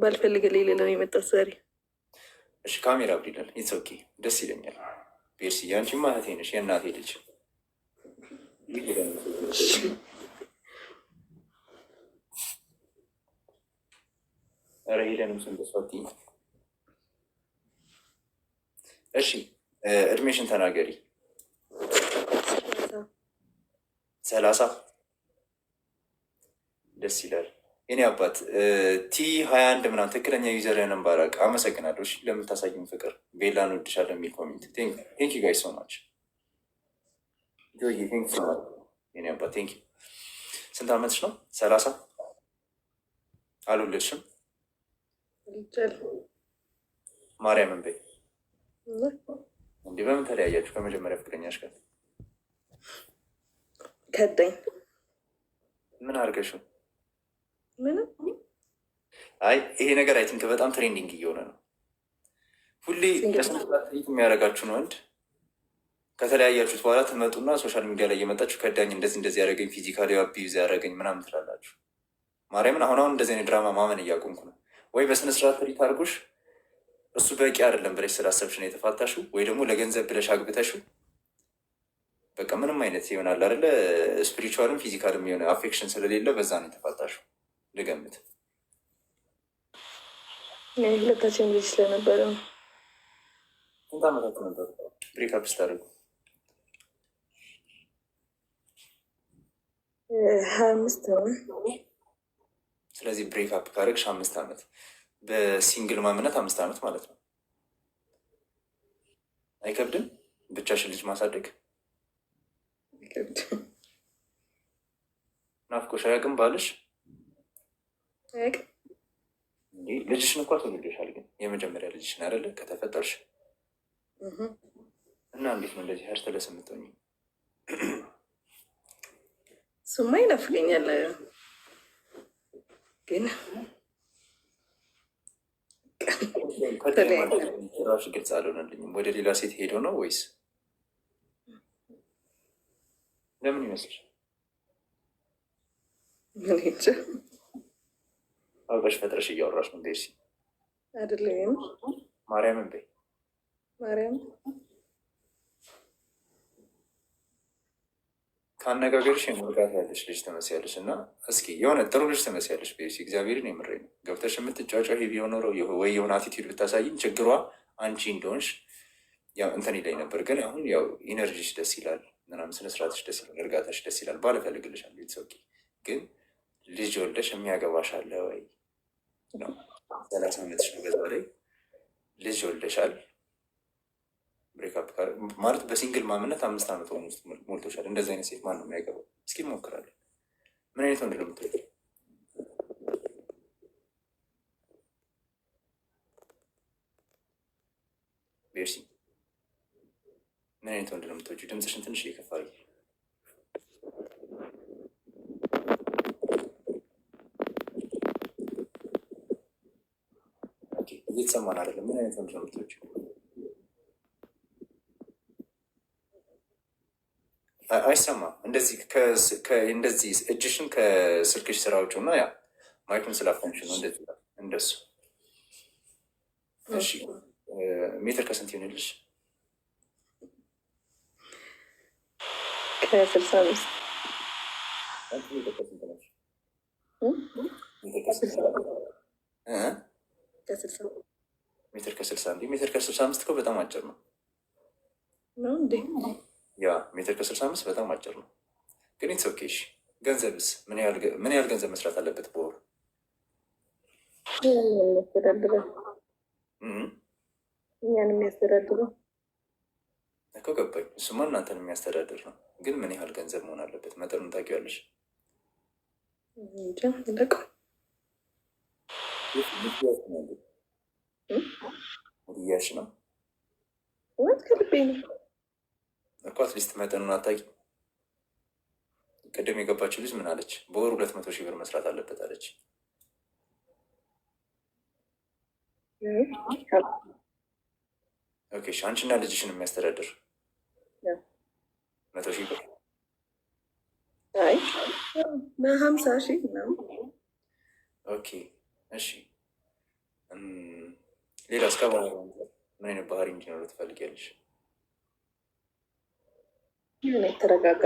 ባልፈልግ ሌለ ነው የመጣት ሰሪ እሺ ካሜራ ኢትስ ኦኬ፣ ደስ ይለኛል። ቤርሲ ያንቺ ማለቴ ነሽ የእናቴ ልጅ ሄደንም ስንበሷት። እሺ እድሜሽን ተናገሪ። ሰላሳ ደስ ይላል። እኔ አባት ቲ ሀያ አንድ ምናምን ትክክለኛ ዩዘር ያንን ባራቅ አመሰግናለሁ። እሺ ለምታሳይም ፍቅር ቤላ እንወድሻለን የሚል ኮሚኒቲ ቴንክ ዩ ጋይ ሶ ማች የኔ አባት ቴንክ ዩ። ስንት አመትሽ ነው? ሰላሳ አልወለድሽም? ማርያምን በይ እንዲህ። በምን ተለያያችሁ ከመጀመሪያ ፍቅረኛሽ ጋር? ከደኝ ምን አድርገሽው ምንም አይ ይሄ ነገር አይ ቲንክ በጣም ትሬንዲንግ እየሆነ ነው። ሁሌ ለስንት የሚያደርጋችሁን ወንድ ከተለያያችሁት በኋላ ትመጡና ሶሻል ሚዲያ ላይ እየመጣችሁ ከዳኝ፣ እንደዚህ እንደዚህ ያደረገኝ፣ ፊዚካሊ አቢዩዝ ያደረገኝ ምናምን ትላላችሁ። ማርያምን አሁን አሁን እንደዚህ አይነት ድራማ ማመን እያቆምኩ ነው። ወይ በስነስርዓት ትሪት አድርጎሽ እሱ በቂ አይደለም ብለሽ ስላሰብሽ ነው የተፋታሽው፣ ወይ ደግሞ ለገንዘብ ብለሽ አግብተሽው በቃ ምንም አይነት ይሆናል አይደለ? ስፒሪቹዋልም ፊዚካልም የሆነ አፌክሽን ስለሌለ በዛ ነው የተፋታሽው። ልገምት። ሁለታችን ልጅ ስለነበረ ነው። ስንት ዓመታችሁ ነበር ብሬክአፕ ስታደርጉ? ሀያ አምስት ነው። ስለዚህ ብሬክአፕ ካደረግሽ አምስት አመት በሲንግል ማምነት አምስት ዓመት ማለት ነው። አይከብድም? ብቻሽን ልጅ ማሳደግ ናፍቆሽ አያውቅም ባልሽ? ልጅሽን እንኳ ተወልዶሻል፣ ግን የመጀመሪያ ልጅሽን አይደለ ከተፈጠርሽ እና እንዴት ነው እንደዚህ ሀርተለስ የምትሆኝ? ስማ ይነፍገኛል፣ ግን ራሱ ግልጽ አልሆነልኝም። ወደ ሌላ ሴት ሄዶ ነው ወይስ ለምን ይመስልሻል? አበሽ ፈጥረሽ እያወራሽ ነው። ቤርሲ አይደለም ማርያምን በይ ማርያም ከአነጋገርሽ የመርጋት ያለሽ ልጅ ትመስያለሽ፣ እና እስኪ የሆነ ጥሩ ልጅ ትመስያለሽ ቤርሲ። እግዚአብሔርን የምሬ ነው። ገብተሽ የምትጫጫው ሄቢ የሆኖረው ወይ የሆነ አቲቲዩድ ብታሳይኝ ችግሯ አንቺ እንደሆንሽ እንትን ይለኝ ነበር። ግን አሁን ያው ኢነርጂሽ ደስ ይላል ምናምን፣ ስነስርዓትሽ ደስ ይላል፣ እርጋታሽ ደስ ይላል። ባለፈልግልሻል ቤተሰብ ግን ልጅ ወልደሽ የሚያገባሽ አለ ነው። ሰላሳ ዓመትሽ ነው። በዛ ላይ ልጅ ወልደሻል። ብሬክፕ ማለት በሲንግል ማምነት አምስት ዓመት ሆኖ ውስጥ ሞልቶሻል። እንደዚህ አይነት ሴት ማን ነው የሚያገባው? እስኪ ሞክራለን። ምን አይነት ወንድ ነው ቤርሲ ምን አይነት ወንድ ነው የምትወጂው? ድምፅሽን ትንሽ እየከፋ እየተሰማን አይደለም። ምን አይነት ነው ትምህርቶች? አይሰማም። እንደዚህ እንደዚህ እጅሽን ከስልክሽ ስራዎቹ ነው ያ ማይክን ስላፈንሽ ነው እንደዚህ እንደሱ። እሺ ሜትር ከስንት ይሆንልሽ? ከስልሳ አምስት ሜትር ከስንት ነሽ? ሜትር ከስልሳ አንድ ሜትር ከስልሳ አምስት እኮ በጣም አጭር ነው። ያ ሜትር ከስልሳ አምስት በጣም አጭር ነው። ግን ኢትስ ኦኬ። እሺ ገንዘብስ ምን ያህል ገንዘብ መስራት አለበት በወር? የሚያስተዳድረው እኛን የሚያስተዳድረው እኮ ገባኝ። እሱማ እናንተን የሚያስተዳድር ነው። ግን ምን ያህል ገንዘብ መሆን አለበት? መጠኑን ታውቂዋለሽ? ውድያሽ ነው ወይ? ከልቤ ነው እኮ አትሊስት መጠኑን አታውቂም። ቅድም የገባችው ልጅ ምን አለች? በወር ሁለት መቶ ሺህ ብር መስራት አለበት አለች። ኦኬ አንቺና ልጅሽን የሚያስተዳድር መቶ ሺህ ብር ሀምሳ ሺህ ነው። ኦኬ እሺ ሌላ እስከባ ምን አይነት ባህሪ እንዲኖረው ትፈልጊያለሽ? የተረጋጋ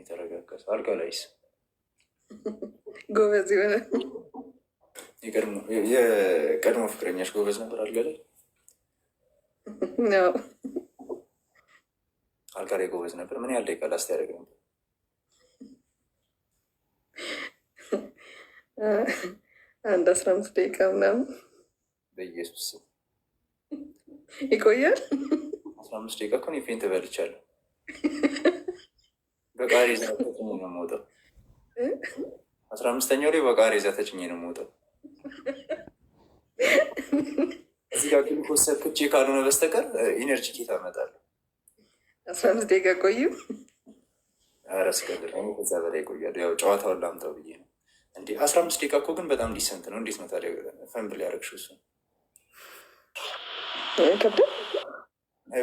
የተረጋጋ ሰው። አልጋ ላይስ ጎበዝ የሆነ የቀድሞ ፍቅረኛሽ ጎበዝ ነበር አልጋ ላይ? አልጋ ላይ ጎበዝ ነበር። ምን ያህል ደቂቃ ላስት ያደርግ ነበር? አንድ አስራ አምስት ደቂቃ ምናምን በኢየሱስ ይቆያል። አስራ አምስት ደቂቃ እኮ እኔ ነው የምወጣው። አስራ አምስተኛው ላይ በቃሬዛ ነው የምወጣው። እዚህ ጋር ግን ካልሆነ በስተቀር ኢነርጂ ኬት አመጣለሁ። አስራ አምስት ደቂቃ ቆዩ። ኧረ እስከ ከዛ በላይ ያው ጨዋታውን ላምጠው ብዬ ነው እንዴ አስራ አምስት ደቂቃ እኮ ግን በጣም ዲሰንት ነው። እንዴት ነው ታዲያ ፈንብል ያደረግሽው? እሱ ከብደን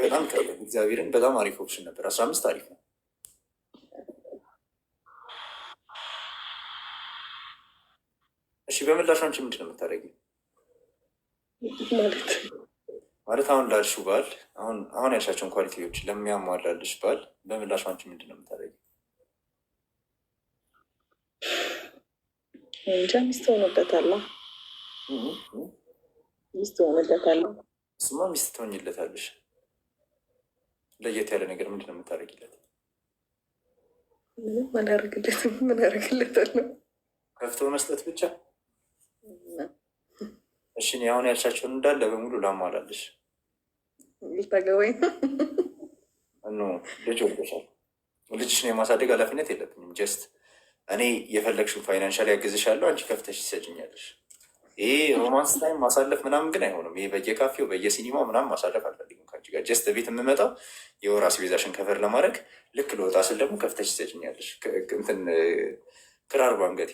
በጣም ከ እግዚአብሔርን በጣም አሪፍ ኦፕሽን ነበር። አስራ አምስት አሪፍ ነው። እሺ በምላሹ አንቺ ምንድን ነው የምታደርጊው? ማለት አሁን ላልሽው ባል አሁን አሁን ያልሻቸውን ኳሊቲዎች ለሚያሟላልሽ ባል በምላሽ አንቺ ምንድን ነው የምታደርጊው? እንጃ ሚስት ሆኖበታል። ሚስት ሆኖበታል። እሱማ ሚስት ትሆኝለታለሽ። ለየት ያለ ነገር ምንድን ነው የምታደርጊለት? ምንም አላደርግለትም። ምን አደርግለታለሁ? ከፍቶ መስጠት ብቻ። እሺ እኔ አሁን ያልሻቸውን እንዳለ በሙሉ ላሟላልሽ። ልታገባኝ ነው። ልጅ ወልደሻል። ልጅሽን የማሳደግ ኃላፊነት የለብኝም ጀስት እኔ የፈለግሽውን ፋይናንሻል ያግዝሻለሁ፣ አንቺ ከፍተሽ ትሰጭኛለሽ። ይሄ ሮማንስ ታይም ማሳለፍ ምናምን ግን አይሆንም። ይሄ በየካፌው በየሲኒማው ምናምን ማሳለፍ አልፈልግም። ከአንቺ ጋር ጀስት ቤት የምመጣው የወር አስቤዛሽን ከፈር ለማድረግ ልክ ልወጣ ስል ደግሞ ከፍተሽ ትሰጭኛለሽ። እንትን ክራር ባንገቴ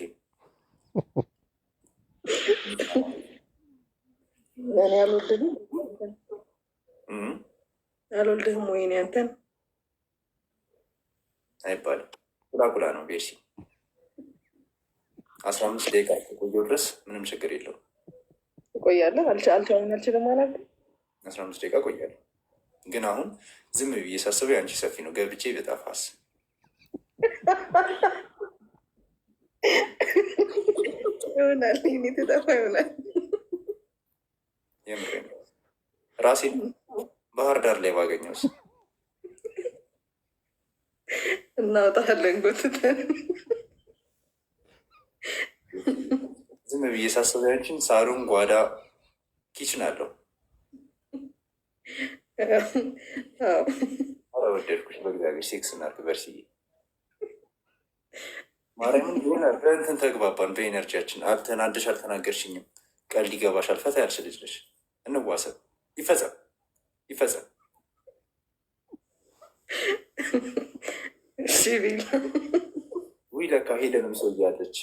አልወልድህም ወይ አንተን አይባልም። ቁላቁላ ነው ቤርሲ አስራ አምስት ደቂቃ ቆየው ድረስ ምንም ችግር የለው። እቆያለሁ አልቻልኩም አልችልም ማለት አስራ አምስት ደቂቃ ቆያለሁ። ግን አሁን ዝም ብዬ ሳስበው የአንቺ ሰፊ ነው ገብቼ በጠፋስ ይሆናል እኔ ይሆናል። የምሬ ራሴን ባህር ዳር ላይ ባገኘውስ እናወጣለን ጎትተን ዝም ብዬ ሳስበው ያንቺን ሳሩን ጓዳ ኪችን አለው አወደድኩሽ። በእግዚአብሔር ሴክስ እናድርግ በርስዬ ማርያምን ሆነ በእንትን ተግባባን። በኤነርጂያችን አልተናደሽ አልተናገርሽኝም። ቀልድ ይገባሽ አልፈታ ያልሽ ልጅ ነሽ። እንዋሰብ። ይፈጸም ይፈጸም። እሺ ቢል ውይ ለካ ሄደንም ሰው እያለች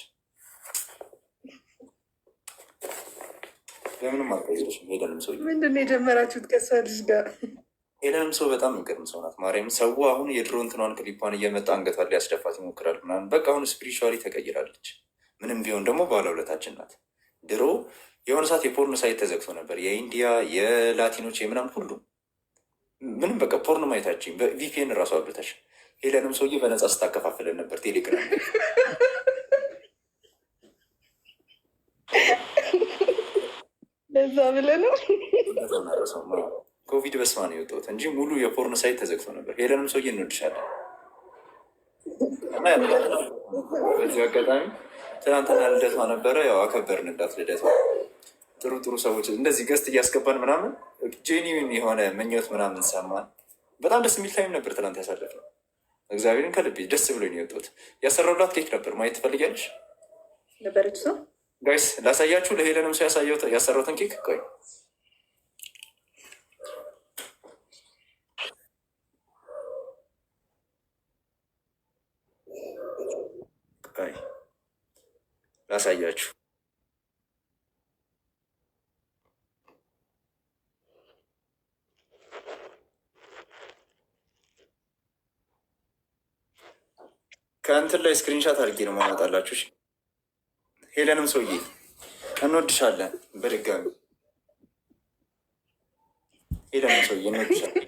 በምንም አልቀይረሽም። ሄደንም ሰው ምንድን ነው የጀመራችሁት ከእሷ ልጅ ጋር? ሄደንም ሰው በጣም የሚገርም ሰው ናት። ማርያም ሰው አሁን የድሮ እንትኗን ክሊፓን እየመጣ አንገቷን ሊያስደፋት ይሞክራል ምናምን። በቃ አሁን ስፒሪቹዋሊ ተቀይራለች። ምንም ቢሆን ደግሞ ባለውለታችን ናት። ድሮ የሆነ ሰዓት የፖርኖ ሳይት ተዘግቶ ነበር፣ የኢንዲያ የላቲኖች የምናምን ሁሉ ምንም በቃ ፖርኖ ማየታችን ቪፒኤን እራሱ አብልታች ሄለንም ሰውዬ በነፃ ስታከፋፍለን ነበር ቴሌግራም እዛ ብለ ነው ኮቪድ በስማ ነው የወጣሁት እንጂ ሙሉ የፖርን ሳይት ተዘግቶ ነበር። ሄደንም ሰውዬ እንወድሻለን። በዚህ አጋጣሚ ትናንትና ልደቷ ነበረ፣ ያው አከበርንላት። ልደቷ ጥሩ ጥሩ ሰዎች እንደዚህ ገስት እያስገባን ምናምን ጄኒዊን የሆነ ምኞት ምናምን ሰማን። በጣም ደስ የሚል ታይም ነበር ትናንት ያሳለፍነው። እግዚአብሔርን ከልቤ ደስ ብሎኝ ነው የወጣሁት። ያሰራሁላት ኬክ ነበር። ማየት ትፈልጊያለሽ? ነበረች ሰው ጋይስ ላሳያችሁ። ለሄለንም ሰው ያሳየው ያሰራሁትን ኬክ ቆይ ላሳያችሁ። ከእንትን ላይ ስክሪንሻት አድርጌ ነው ማመጣላችሁ። ሄለንም ሰውዬ እንወድሻለን። በድጋሚ ሄለንም ሰውዬ እንወድሻለን።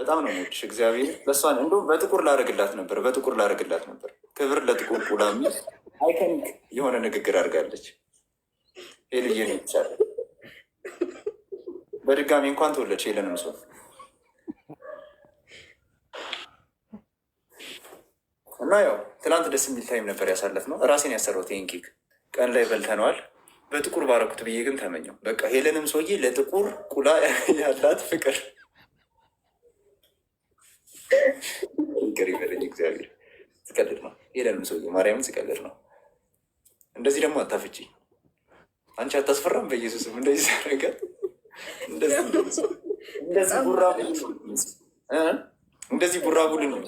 በጣም ነው የምወድሽ። እግዚአብሔር በእሷን እንዶ በጥቁር ላደርግላት ነበር፣ በጥቁር ላደርግላት ነበር። ክብር ለጥቁር ቁላሚ አይከንክ የሆነ ንግግር አድርጋለች። ሄልዬ ነው ይቻለ። በድጋሚ እንኳን ተወለድሽ ሄለንም ሰው እና ያው ትናንት ደስ የሚል ታይም ነበር ያሳለፍ ነው። ራሴን ያሰራሁት ይህን ኬክ ቀን ላይ በልተነዋል። በጥቁር ባረኩት ብዬ ግን ተመኘው። በቃ ሄለንም ሰውዬ ለጥቁር ቁላ ያላት ፍቅር ፍቅር ይበለኝ እግዚአብሔር። ስቀልድ ነው። ሄለንም ሰውዬ ማርያምን ስቀልድ ነው። እንደዚህ ደግሞ አታፍጪ አንቺ አታስፈራም። በኢየሱስም እንደዚህ ሳረጋት እንደዚህ ቡራቡል እንደዚህ ቡራቡል ነው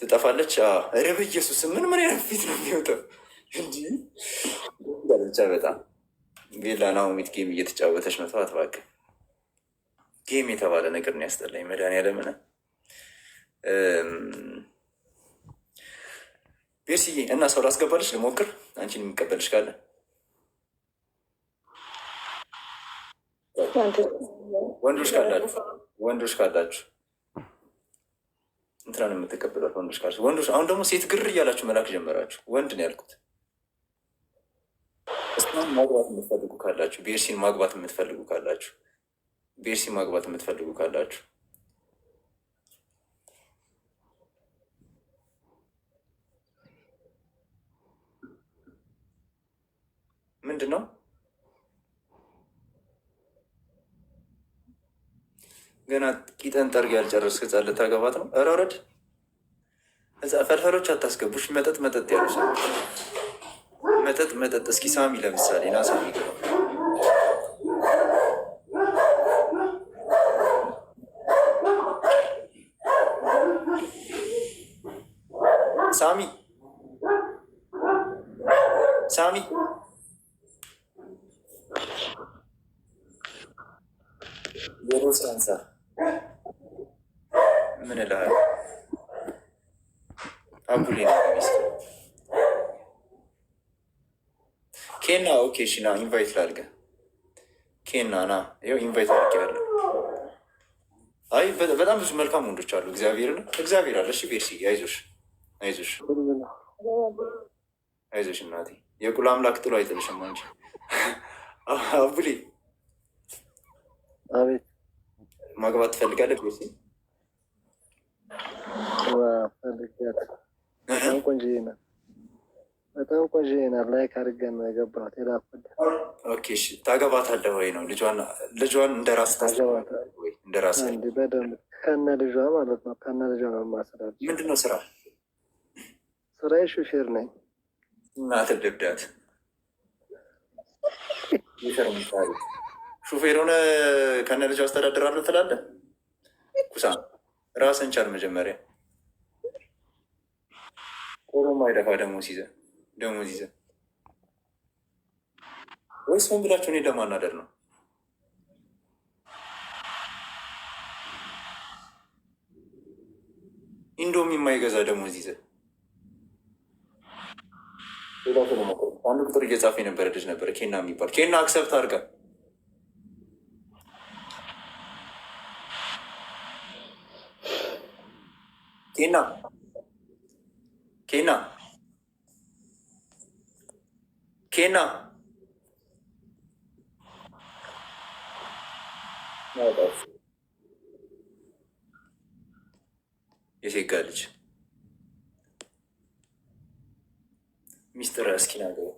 ትጠፋለች። ኧረ በኢየሱስ ምን ምን አይነት ፊት ነው የሚወጣው? እንዲ ብቻ በጣም ሌላ ናሆሚት ጌም እየተጫወተች መተዋት እባክህ። ጌም የተባለ ነገር ነው ያስጠላኝ። መድኃኒዓለምን ቤርስዬ እና ሰው ላስገባለች ልሞክር። አንቺን የሚቀበልሽ ካለ ወንዶች ካላችሁ ወንዶች ካላችሁ እንትናን የምትቀበሏት ወንዶች ካልሽ ወንዶች። አሁን ደግሞ ሴት ግር እያላችሁ መላክ ጀመራችሁ። ወንድ ነው ያልኩት። እስላም ማግባት የምትፈልጉ ካላችሁ፣ ቤርሲን ማግባት የምትፈልጉ ካላችሁ፣ ቤርሲን ማግባት የምትፈልጉ ካላችሁ ምንድን ነው ገና ቂጠን ጠርግ ያልጨረስክ ህፃን ልታገባት ነው? ኧረ ወረድ ፈርፈሮች አታስገቡሽ። መጠጥ መጠጥ ያሉ ሰዎች መጠጥ መጠጥ። እስኪ ሳሚ ለምሳሌ ና ሳሚ ሳሚ ሳሚ የሮስ አንሳ ኦኬ እሺ ና ኢንቫይት ላድርገ ኬና ና ይኸው ኢንቫይት ላድርግ ያለ አይ በጣም ብዙ መልካም ወንዶች አሉ። እግዚአብሔር ነው እግዚአብሔር አለ። እሺ ቤርሲ አይዞሽ፣ አይዞሽ፣ አይዞሽ እናቴ የቁል አምላክ ጥሎ አይጥልሽም። እንጂ አቡሊ። አቤት ማግባት ትፈልጋለህ? ቤርሲ ቆንጆዬ ናት። በጣም ቆይናል። ላይክ አድርገን ነው የገባሁት። የላኩት ኦኬ። እሺ ታገባታለህ ወይ ነው? ልጇን ልጇን እንደራስ ራስ በደንብ ከነ ልጇ ማለት ነው። ከነ ልጇ ነው ማስላል። ምንድን ነው ስራ? ስራዬ ሹፌር ነኝ። እናት ደብዳት ሹፌር ሆነ ከነ ልጇ አስተዳድራለሁ ትላለህ? ኩሳ ራስን ቻል መጀመሪያ። ቆሮም አይደፋ ደግሞ ሲዘ ደሞዝ ይዘን ወይስ ሆን ብላችሁ እኔ ለማናደር ነው? እንዶም የማይገዛ ደሞዝ ይዘን አንድ ቁጥር እየጻፈ የነበረ ልጅ ነበረ ኬና የሚባል ኬና አክሰብት አድርጋ ኬና ኬና ኬና የሴጋ ልጅ ሚስጥር እስኪ ነገር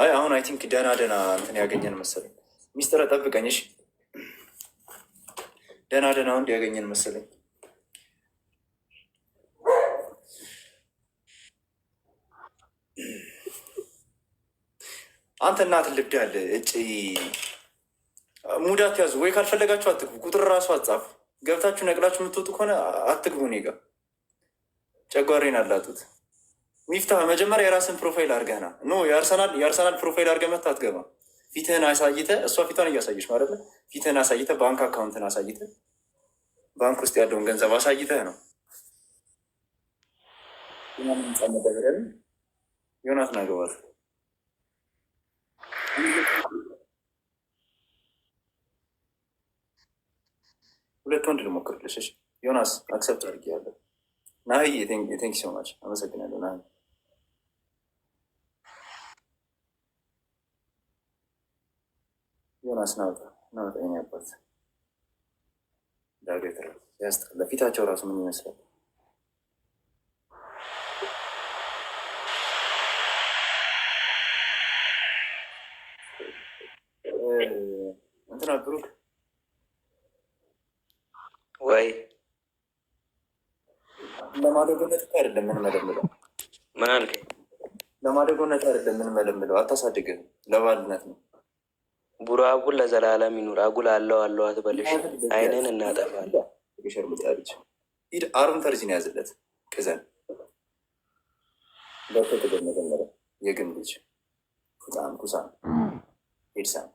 አይ አሁን አይ ቲንክ ደህና ደህና እንትን ያገኘን መሰለኝ። ሚስጥር ጠብቀኝ። እሺ ደህና ደህና ወንድ ያገኘን መሰለኝ። አንተ እናት ያለ እጭ ሙዳት ያዙ ወይ ካልፈለጋችሁ አትግቡ። ቁጥር ራሱ አጻፉ። ገብታችሁ ነቅላችሁ የምትወጡ ከሆነ አትግቡ። እኔ ጋር ጨጓሬን አላጡት። ሚፍታ መጀመሪያ የራስን ፕሮፋይል አድርገህና ኖ የአርሰናል ፕሮፋይል አድርገህ መታ አትገባ። ፊትህን አሳይተ እሷ ፊቷን እያሳየች ማለት ነው። ፊትህን አሳይተ ባንክ አካውንትን አሳይተ ባንክ ውስጥ ያለውን ገንዘብ አሳይተህ ነው። ዮናስ ናገባል ሁለት ወንድ ልሞክርልሽ። ዮናስ አክሰፕት አድርጌ ያለ ናህ ቴንክ ሶ ማች አመሰግናለሁ። ና ዮናስ ናውጣ ናውጣ። ኔ አባት ዳገት ያስጠላ ፊታቸው ራሱ ምን ይመስላል? እንትና ብሩክ ወይ ለማደጎነት እኮ አይደለም የምንመለምለው። ምን አልከኝ? ለማደጎነት አይደለም የምንመለምለው። አታሳድግም፣ ለባልነት ነው። ቡራቡን ለዘላለም ይኑር። አጉል አለው አለው አትበልሽ። አይንን እናጠፋለን። ሸርምጣልች ሂድ አርም ፈርጅን ያዝለት ቅዘን በተገመገመረ የግን ልጅ ኩጣም ኩሳም ሄድሳም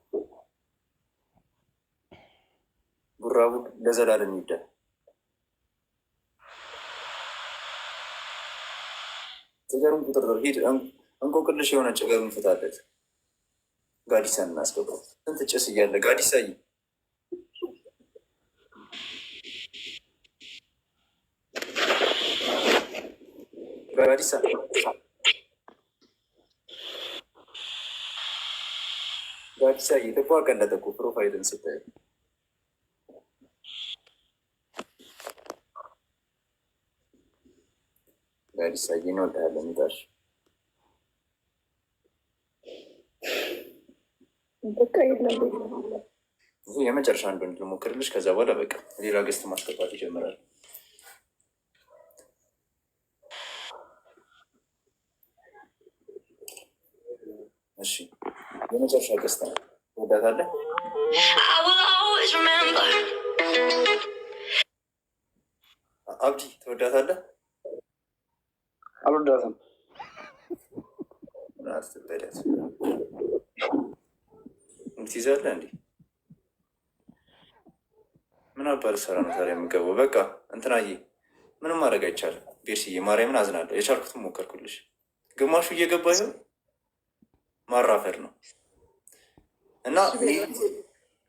ጉራቡ ለዘላለም ይደል ጭገሩን ቁጥር ሂድ እንቆቅልሽ የሆነ ጭገሩን እንፍታለት ጋዲሳ እናስገባ። ስንት ጭስ እያለ ጋዲሳ ጋዲሳ ጋዲሳ ተቋቀለጠ ፕሮፋይልን ስታየ ዳዲሳዬ እንወድሃለን። ታሽ በቃ ይሄ የመጨረሻ አንዱ ልሞክርልሽ። ከዛ በኋላ በቃ ሌላ ገስት ማስገባት ይጀምራል። እሺ የመጨረሻ ገስት ነው። ትወዳታለህ? አብዲ ትወዳታለህ? አልወዳትም። ትይዛለህ እንዴ? ምን አባል ሰራ ነው ታዲያ የምገባው? በቃ እንትናዬ ምንም ማድረግ አይቻልም። ቤርስዬ ማርያምን አዝናለሁ። የቻልኩትን ሞከርኩልሽ። ግማሹ እየገባ ይሆን ማራፈድ ነው እና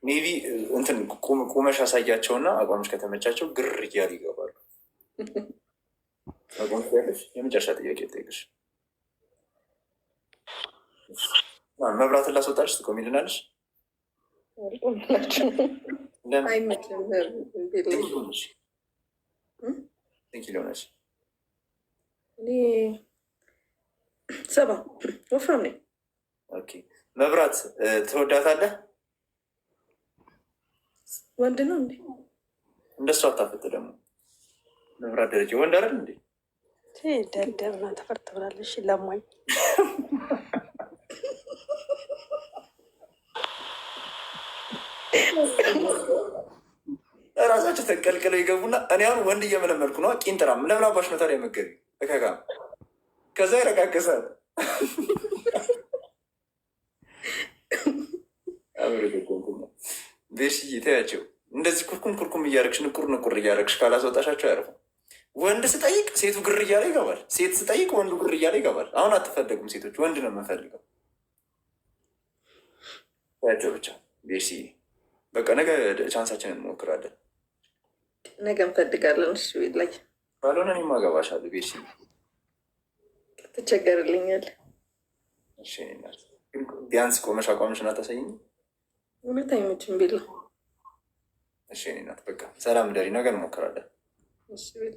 ሜቢ እንትን ቁመሽ አሳያቸውና አቋምሽ ከተመቻቸው ግር እያሉ ይገባሉ። የመጨረሻ ጥያቄ ጠይቅሽ መብራትን ላስወጣልሽ ትቆሚልናለሽ። ሰባ ወፍራም ነኝ። መብራት ትወዳታለህ? ወንድ ነው እንዴ? እንደሱ አታፍጥ ደግሞ መብራት ደረጃ ወንድ አይደል እንዴ? ደደብ ናት፣ ተፈር እራሳቸው ተቀልቅለው ይገቡና እኔ አሁን ወንድ እየመለመልኩ ነው። ቂንጥራም ለምን አባሽ ነው ታዲያ እከካ ከዛ ቤሽዬ ተያቸው እንደዚህ ኩርኩም ኩርኩም እያደረግሽ ንቁር ንቁር እያደረግሽ ካላስወጣሻቸው አያርፉም። ወንድ ስጠይቅ ሴቱ ግር እያለ ይገባል። ሴት ስጠይቅ ወንዱ ግር እያለ ይገባል። አሁን አትፈለጉም ሴቶች፣ ወንድ ነው የምንፈልገው። ያቸው ብቻ ቤርሲ በቃ ነገ ቻንሳችን እንሞክራለን። ነገ እንፈልጋለን። እሱ ላይ ባልሆነ እኔም አገባሻለሁ። ቤርሲ ትቸገርልኛል። ቢያንስ ቆመሽ አቋምሽን አታሳይኝ። እውነት አይመችም ቢለው እሺ፣ እኔ ናት በቃ ሰላም ደሪ፣ ነገ እንሞክራለን። ቤት